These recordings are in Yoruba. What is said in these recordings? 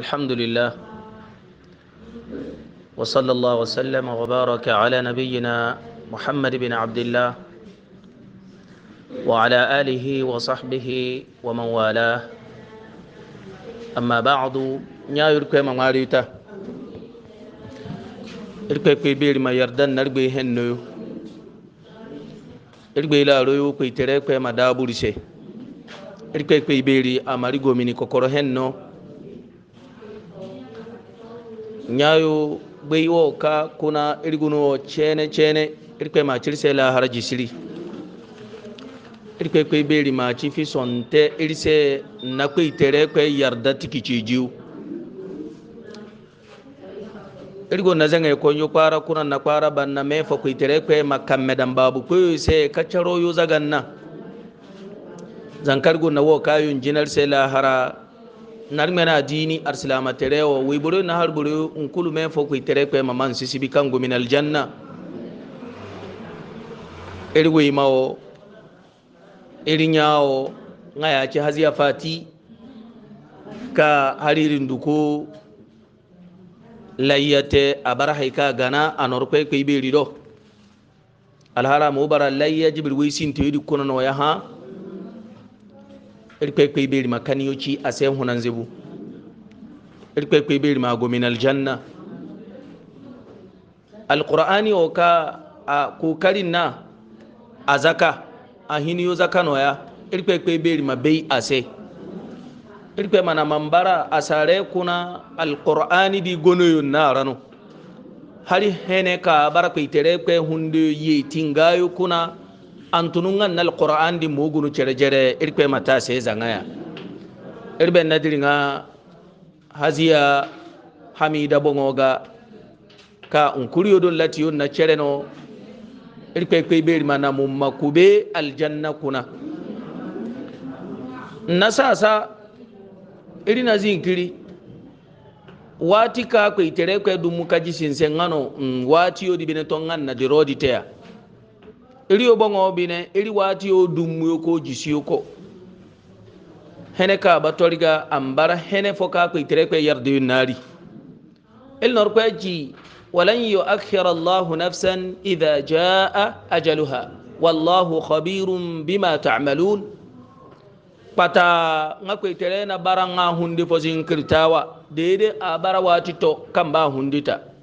الحمد لله وصلى الله وسلم وبارك على نبينا محمد بن عبد الله وعلى اله وصحبه ومن والاه اما بعد يا يركوي ما ماريتا يركوي كوي بير ما يردن نربي هنو يركوي لا رويو كوي تريكوي ما دابوريشي يركوي كوي بيري اماري غوميني كوكورو nyayo ɓeyiwo ka kuna irigunuwo cene ceene irkue maciri se la hara jisiri irkue kue ɓeeri maci fi sonte irise na kwe tere kwe yarda tiki jiwu irgo na zanga ko yo kwara kuna na kwara ban na mefa kwe itere kwe makamme dan babu kwe se kacaro yo zaganna zankar go na wo kayun jinar sai lahara narmena dini arsilama terewo wiburu na harburu nkulu me foku itere kwe maman sisi bikangu min aljanna eri wimawo eri nyawo nga yace haziya fati ka hariri duko layyate abar ka gana anor kwe kwe beri do alhara mu bara layya jibir wisin teyidi kono no ya ha irkwekwe ibiri makaniyoci a sayan hunan zibu irkwekwe aljanna alqur'ani o ka a kokarin na a zaka a hiniyo zaka noya irkwekwe ma bai a sai irkwe mana mambara a kuna alqur'ani di gonoyon na rano hari hene ka bara kwaitere kwe hunde kuna antununga nal qur'an di mugunu cere cere irkwe mata se zangaya irbe nadiringa hazia hamida bongoga ka unkuriyo lati latiyo na cere no irkwe kwe beri mana mumma kube aljanna kuna na sasa iri na zinkiri wati ka kwe itere kwe dumuka jisinse ngano mm, wati yo di bine to nganna di rodi teya iri obongo bine iri wati o dummuyo ko jisiyo ko hene ka batoriga ambara hene foka ko itere ko yarde nari il nor ko ji walan yuakhir allah nafsan idha jaa ajaluha wallahu khabirum bima ta'malun pata nga ko itere na bara nga hundi fo zinkirtawa dede a bara wati to kamba hundita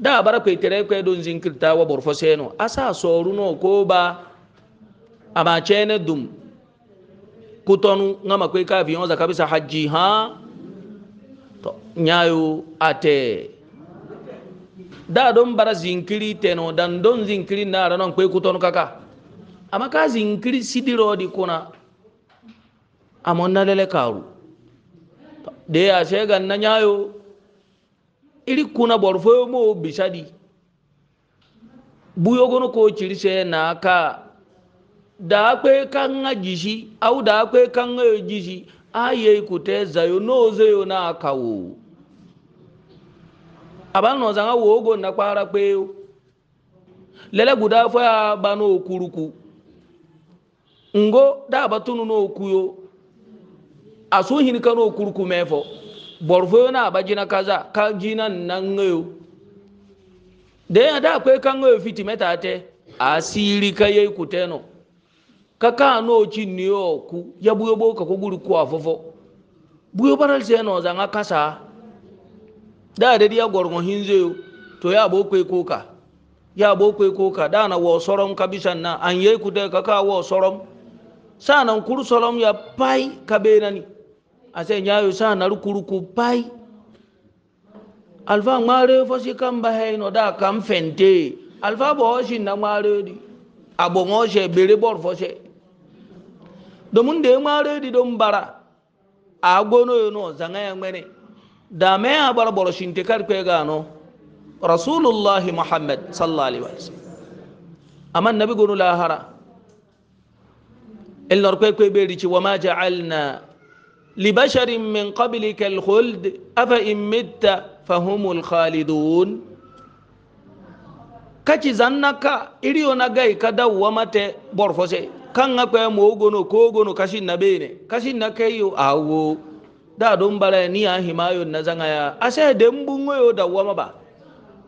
da bara kwe tere kwe don zinkirta wa borfo seno asa soru no ko ba ama chene dum kutonu ngama kwe ka viyon za kabisa haji ha to nyayo ate da don bara zinkiri teno dan don zinkiri na ranon kwe kutonu kaka amma ka zinkiri sidiro di kuna amon na lele karu da ya shegan na nyayo iri kuna borfo mo bisadi buyogono ko cirise na aka, da kwe kan nga au da kwe kan nga jishi aye ku te zayo no zayo na kawo aban no zanga wogo na kwara kwe lele guda fo ya bano okuruku ngo da batunu no okuyo aso hinika no okuruku mefo borfo na ba jina kaza ka jina nan ngayo da ya da akwai kan ngayo fiti meta te asiri ka yayi kuteno ka ka no chi ni oku ya buyo bo ka koguru ku afofo buyo baral se no zanga kasa da da dia gorgo hinze to ya bo kwe koka ya bo kwe koka da na wo sorom kabisan na an yayi kute ka ka wo sorom sanan kuru sorom ya pai ka ni ase ñayo sa na rukuruku pai alfa ŋmaare fosi kamba hei no da kam fente alfa boo sinna ŋmaare di aboŋo se bere bor fose domun de ŋmaare di don bara a gono yo no zaŋaya ŋmene dame a bara boro sinte kari kwe ga no rasulullah muhammad sallallahu alaihi wasallam aman nabi gonu lahara el nor kwe kwe beri ci wama ja'alna لبشر من قبلك الخلد afa imita فهم الخالدون kaci zannaka iri ona gai ka dawwa mate borfose kan ga kwe mo gono ko gono kashin na bene kashin na kayo awo da don bara ni a himayo na zanga ya ase de mbungo yo dawwa ma ba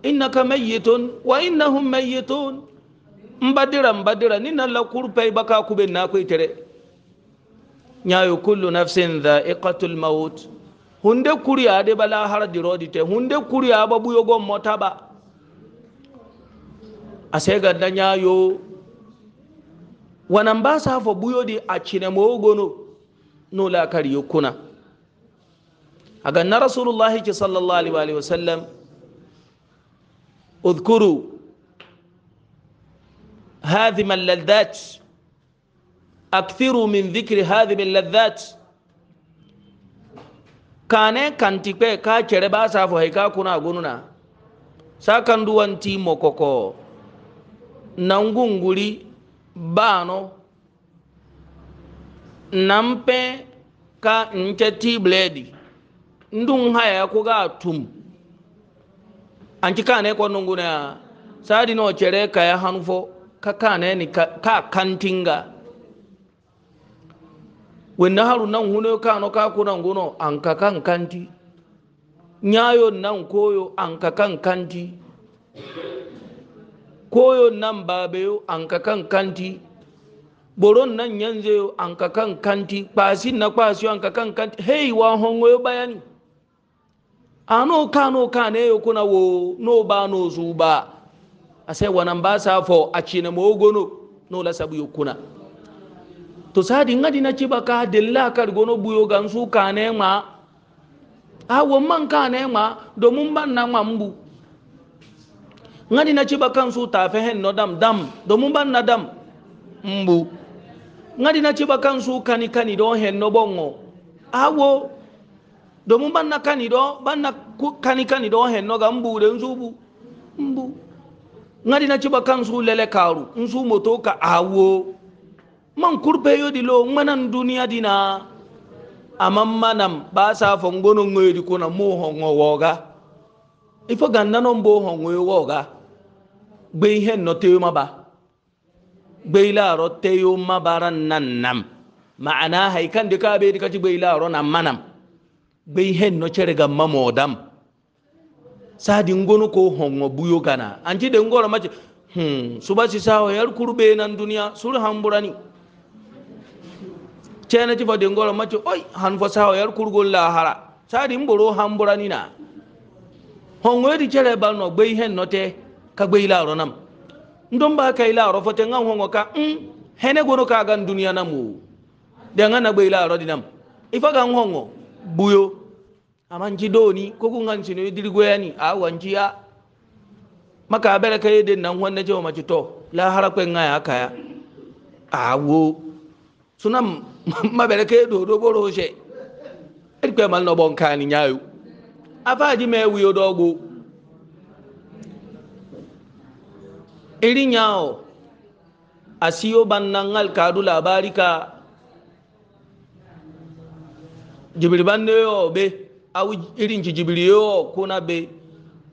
innaka mayyitun wa innahum mayyitun mbadira mbadira ni na la kurpe baka kuben ko itere ñayo kullu nafsin dha'iqatu lmaut hunde kuriya de bala hara dirodi te hunde kuriya ba buyogo motaba ase ganda ñayo wanan ba safo buyodi accine mowogono no lakari yokkuna aga na rasulullahi ki sallallahu alaihi wasallam اذكروا هذه اللذات akthiru min dhikri min ladhat kane kanti kwe ka kere ba safo hay ka kuna gununa sakan duwanti mokoko nangunguri bano nampe ka nke bledi ndun haya ku ga tum anki kane ko nunguna sadi no cere ka ya hanfo ka kane ni ka kantinga wanda halu nan huno kano kakunan guno an kan kanti nyayon nan koyo an kan kanti koyo nan babayo an kan kanti boron nan yanzu an kan kanti kwasin na kwasiyo an kan kanti hey wa hongo bayani ano kano kane yo kuna wo no ba no zuba ase wanan ba sa fo a cina gono no la sabu yo kuna to sadi ngadi na ci baka dilla kar gono buyo gan su kane ma a wo man kane ma domin ban na mambu ngadi na ci bakan su tafe hen no dam dam domin ban na dam mbu ngadi na ci bakan su kani kani do hen no bongo awo, wo domin ban na kani do ban na kani kani do hen no ga mbu den bu mbu ngadi na ci bakan su lele karu in su moto ka awo man kurpe yodi lo manan duniya dina aman manam ba sa fongono ngoyodi kuna mo hongo woga ifo ganna non bo hongo woga gbe ihe no teyo maba gbe ilaro teyo mabaran nan nam ma'ana haikan da ka bai dika ci la ro nam manam gbe ihe no cere ga mamodam sadi ngono ko hongo buyo gana anji de ngoro mace hmm subasi sawo yar kurbe nan duniya sur hamburani cene ti fo dengolo macce oy han fo saho yar kurgol lahara sadi mboro hamburanina hongoyodi cere balno gbey hen note ka gbey laro nam ndon ba kay laro fote ngam hongo ka mm, hene gono ka gan duniya namu de ngana gbey laro dinam ifa gan hongo buyo amanci doni ko kun gan sinu dirgoyani a wanciya maka bere kay den nan wonne je o to lahara ko ngaya kaya awo ah, suna mabere ke do do boro she eri pe mal no bon kan nyaayu afa ji me wiyo dogo eri nyaao asiyo bannangal kadu labari ka jibiri banne yo be awu irin ci jibiri yo e kuna be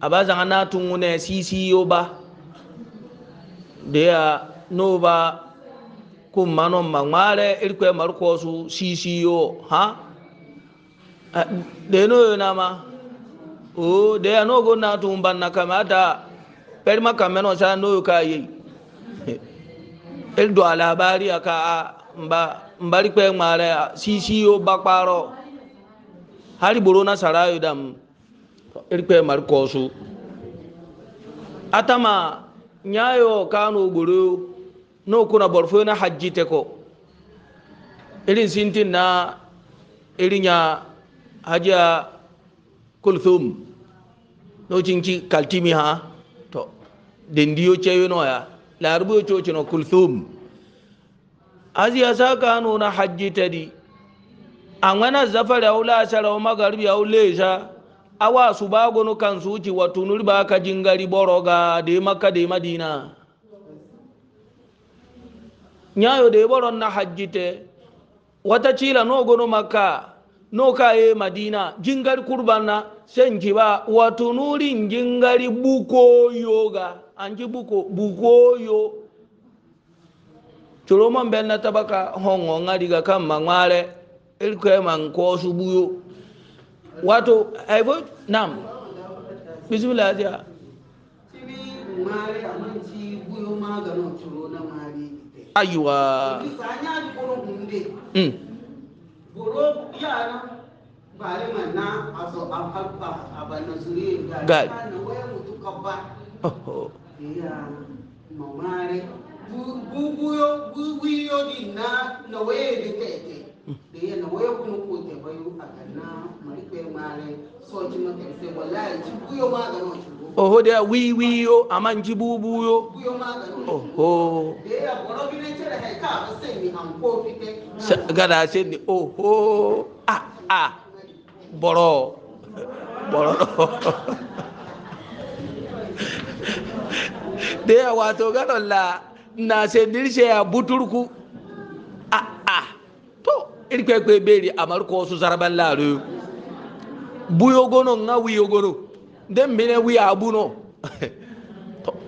abazanga na tungune sisi yo ba de ya no ku mano mangmare irkwe marko su cco ha eh, de no na ma o de ano go na tu banna kamata per ma kameno sa no ka yi eh, el do alabari aka mba mbari kwe mare cco bakparo hari boro na sarayo dam irkwe marko su atama nyayo kanu gboro no kuna bor foyna hajjite ko irin sintin na irinya hajiya kulthum no cinci kaltimi ha to dendiyo ceyinoya larbuyo cocino kulthum aziya sakano na hajjite di anwana zafari au lasara au magharibi au lesa awa subagono kansuci watunuri baka jingari boroga de maka de madina ñayo de ɓoron na hajjite wata cila no gono makka no kaye madina jingari kurbanna sen jiba watu nuri jingari bukoyoga anji buko bukoyo curomon bel na tabaka hongo ngadiga kamma ŋware irkeman kosu buyo wato aifo nam bisimilah tiya ŋware amanci buyo magano curo aiwa mm. gad oh. da yana waya kuma ko ta bayo a kanna marikwe mare so ji maka sai wallahi ji kuyo ma ga wacin oho de wiwi yo amanji bubu yo oho gada se ni oho a ah, a ah. boro boro de wato oh, gado la na se dirshe ya ah, buturku a a to irkwe kwe beri amaruko su zarban laro buyo gono nga wiyo gono den bene wi abu no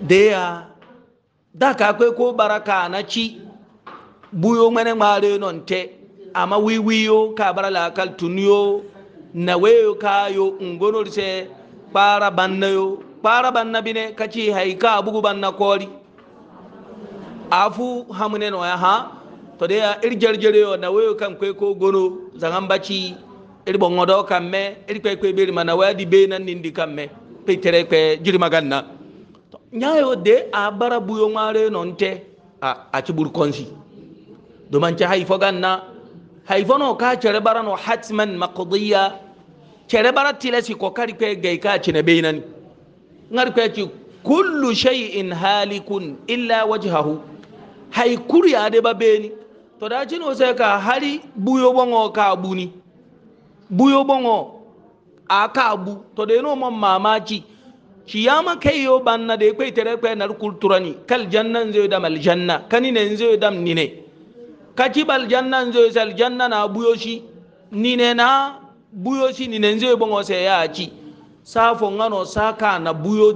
deya da ka kwe ko baraka na ci buyo mene mare non te ama wiwiyo ka bara kal tuniyo na weyo kayo ngono se para yo, para banna bine kachi haika abugu banna kori afu hamune no ya ha to deya irjerjere yo na weyo kan kwe ko gono zangan baci eri bo ngodo kamme eri kwe kwe beri mana wadi be nan nindi kamme pe tere kwe jiri maganna nyayo de a bara buyo mare nonte a a ci burkonsi domin ci haifo ganna haifo no ka cere bara no hatman maqdiya cere bara tilasi ko kari kwe gai ka ci ne beinan ngar kwe ci kullu shay'in halikun illa wajhahu haikuri ade ba beni to da ci no ka hari buyo bongo ka buni buyo ɓongo a ka bu to de no mon mamaki kiyama kai yo banna de kai tere kai nar kulturani kal janna nzo da mal janna kani ne nzo da nine kaki bal janna nzo sal janna na buyoshi nine na buyoshi nine nzo bongo se yaki safo ngano saka na buyo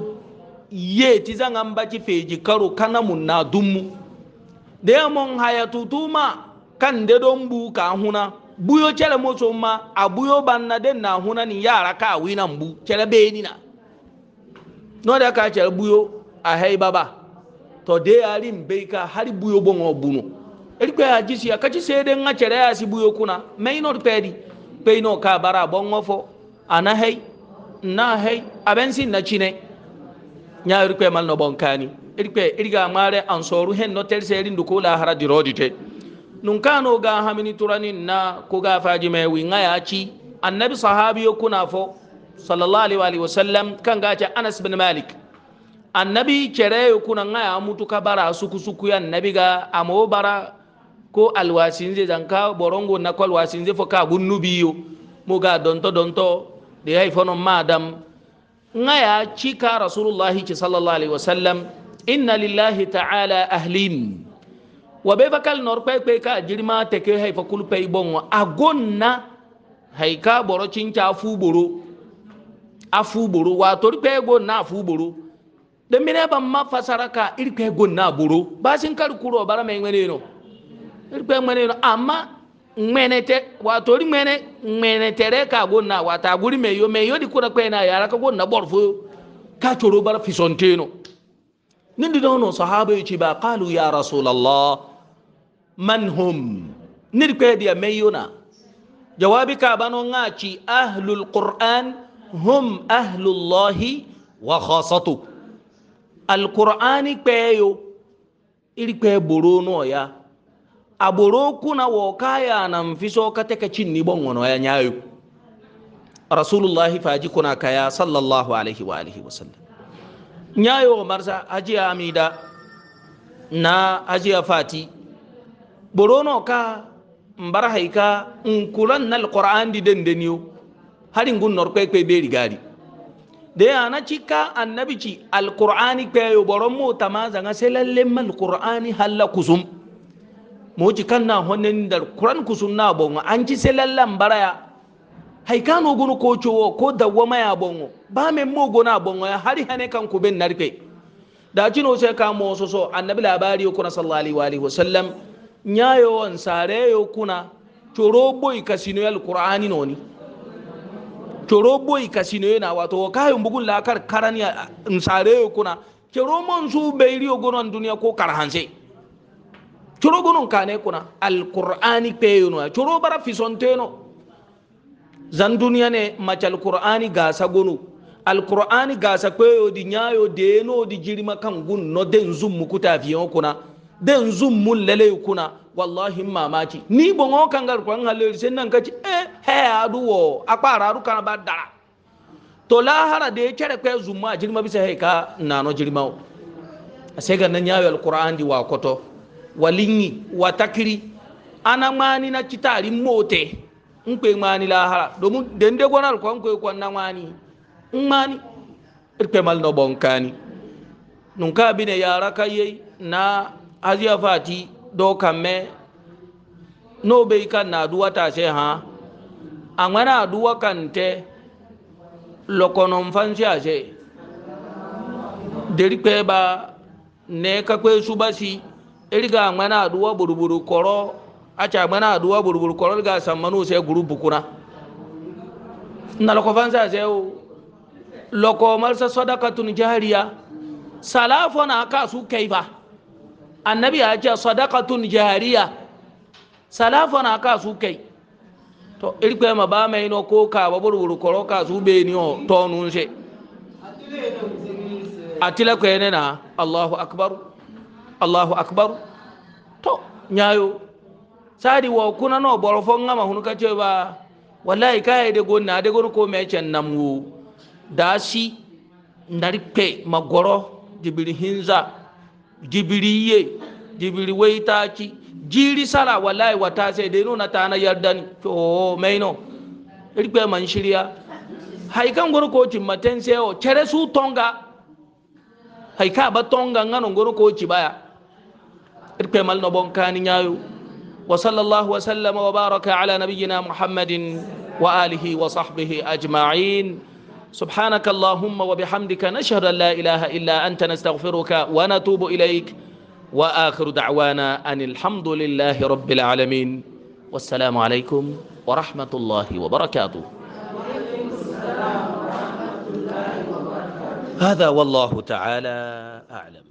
ye tiza ngamba ki feji karo kana mun na dummu de mon hayatu tuma kan de dombu ka huna buyo cele moso ma a buyo banna den na huna ni yara ka wina mbu cele beni na no da ka cele buyo a hei baba to de ali mbe ka hari buyo bongo bunu eri kwa ya jisi ya kachi sede nga cele ya si buyo kuna meino pedi peino ka bara bongo fo ana hei na hei abensi na chine nya eri kwa mal no bonkani eri kwa eri ga mare ansoru hen no terse eri nduko la hara dirodi te nunkano ga hamini turanin na ko ga faji mai winga ya ci annabi sahabiyo kuna fo sallallahu alaihi wa sallam kan ci anas bin malik annabi kereyo kuna ngaya mutu ka bara suku suku ya annabi ga amo bara ko alwasin je zanka borongo na ko alwasin je fo ka gunnubi yo mo ga donto donto de hay fono madam ngaya ci ka rasulullahi sallallahu alaihi wasallam inna lillahi ta'ala ahlin wa be bakal nor pe pe ka jirma teke hay fa kul pe bon agonna hay ka boro cinca fu boro afu boro wa tori pe go na afu boro demine mine ba ma fasara ka iri pe go na boro baasi sin kar kuro bara me ngene no iri pe ngene no amma ngene te wa tori ngene ngene tere ka go na wa ta guri me yo me yo di kura pe na yara ka go na bor fo ka choro bara fisonteno nindi dono sahaba yi ci ba qalu ya rasulullah من هم نركيديا ميونا جوابك بانونا شي اهل القران هم اهل الله وخاصته القران كايو إلكي برونو يا أبروكو نوكايا نمفيسو كتك تشيني بونغونو يا نيايو رسول الله فاجيكونا كايا صلى الله عليه وآله وسلم نيايو مرزا أجي أميدا نا أجي فاتي borono ka mbara haika nkulan nal qur'an di den deniyo hari ngun nor kwe kwe beri gari de ana chika annabi ci al qur'ani kwe yo boron mo tamaza nga selalle mal qur'ani halla kusum mo ci kan na honen dal qur'an kusun na bon an ci selalle mbara ya haika no gunu ko chowo ko da wama ya bon ba me mo gona bon ya hari hane kan ku ben narke da ci no se ka mo so so annabi labari ko na sallallahu alaihi wasallam wa nyayo on sareyo kuna ikasino ya alqur'ani noni chorobo ikasino na watu wakayo mbugun la kar karani n sareyo kuna coromon su beyriyo ogono dunia ko karhanse coro gonon kane kuna alqur'ani peyo no coro bara fisonteno zan dunia ne machal qur'ani gasa gono alqur'ani gasa peyo di nyayo de no di jirima kan gun no den zum mukuta fiyon kuna den zummun lalai kuna wallahi mamaki ni bongo kangar kwan halori sen nan kaci eh he adu wo akpara adu kana ba to la hara de kere kwa zumma jirma bisa he ka nano jirma sai ga nan yawo alquran di wa koto walingi watakiri ana mani na kitari mote in kwe mani lahara domin da inda gwanar kwan kwe kwa na mani mani irkwe mal no bonkani nunka bine ne yara na aziya fati do kamme no be kan na duwa ta se ha angana duwa kan te lokonon fansi ase deri kpe ba ne ka kwe subasi eriga angana duwa buruburu koro acha angana aduwa buruburu koro ga sammanu se gurupu kuna na loko fansi ase o loko marsa sadaqatun jahariya salafona na su kaifa annabi ya ce sadaqatun jariya salafa na ka su kai to irgbe ma ba mai no ko ka ba burburu koro ka su be ni o to nun se atile ko ene na allahu akbar allahu akbar to nyayo sadi wa kuna no borofo ngama hunu ka ce ba wallahi ka de gonna de gon ko me cen namu da ndari pe magoro jibiri hinza jibiriye jibiri waitaki jiri sara wallahi wata sai dai nuna ta na yarda ni to maino irgbe man shirya haikan guru koci maten sai o kere su tonga haika ba tonga ngano guru koci baya irgbe mal no bon kan nyayo wa sallallahu wa sallama wa baraka ala nabiyyina muhammadin wa alihi wa sahbihi ajma'in سبحانك اللهم وبحمدك نشهد أن لا إله إلا أنت نستغفرك ونتوب إليك وآخر دعوانا أن الحمد لله رب العالمين والسلام عليكم ورحمة الله وبركاته هذا والله تعالى أعلم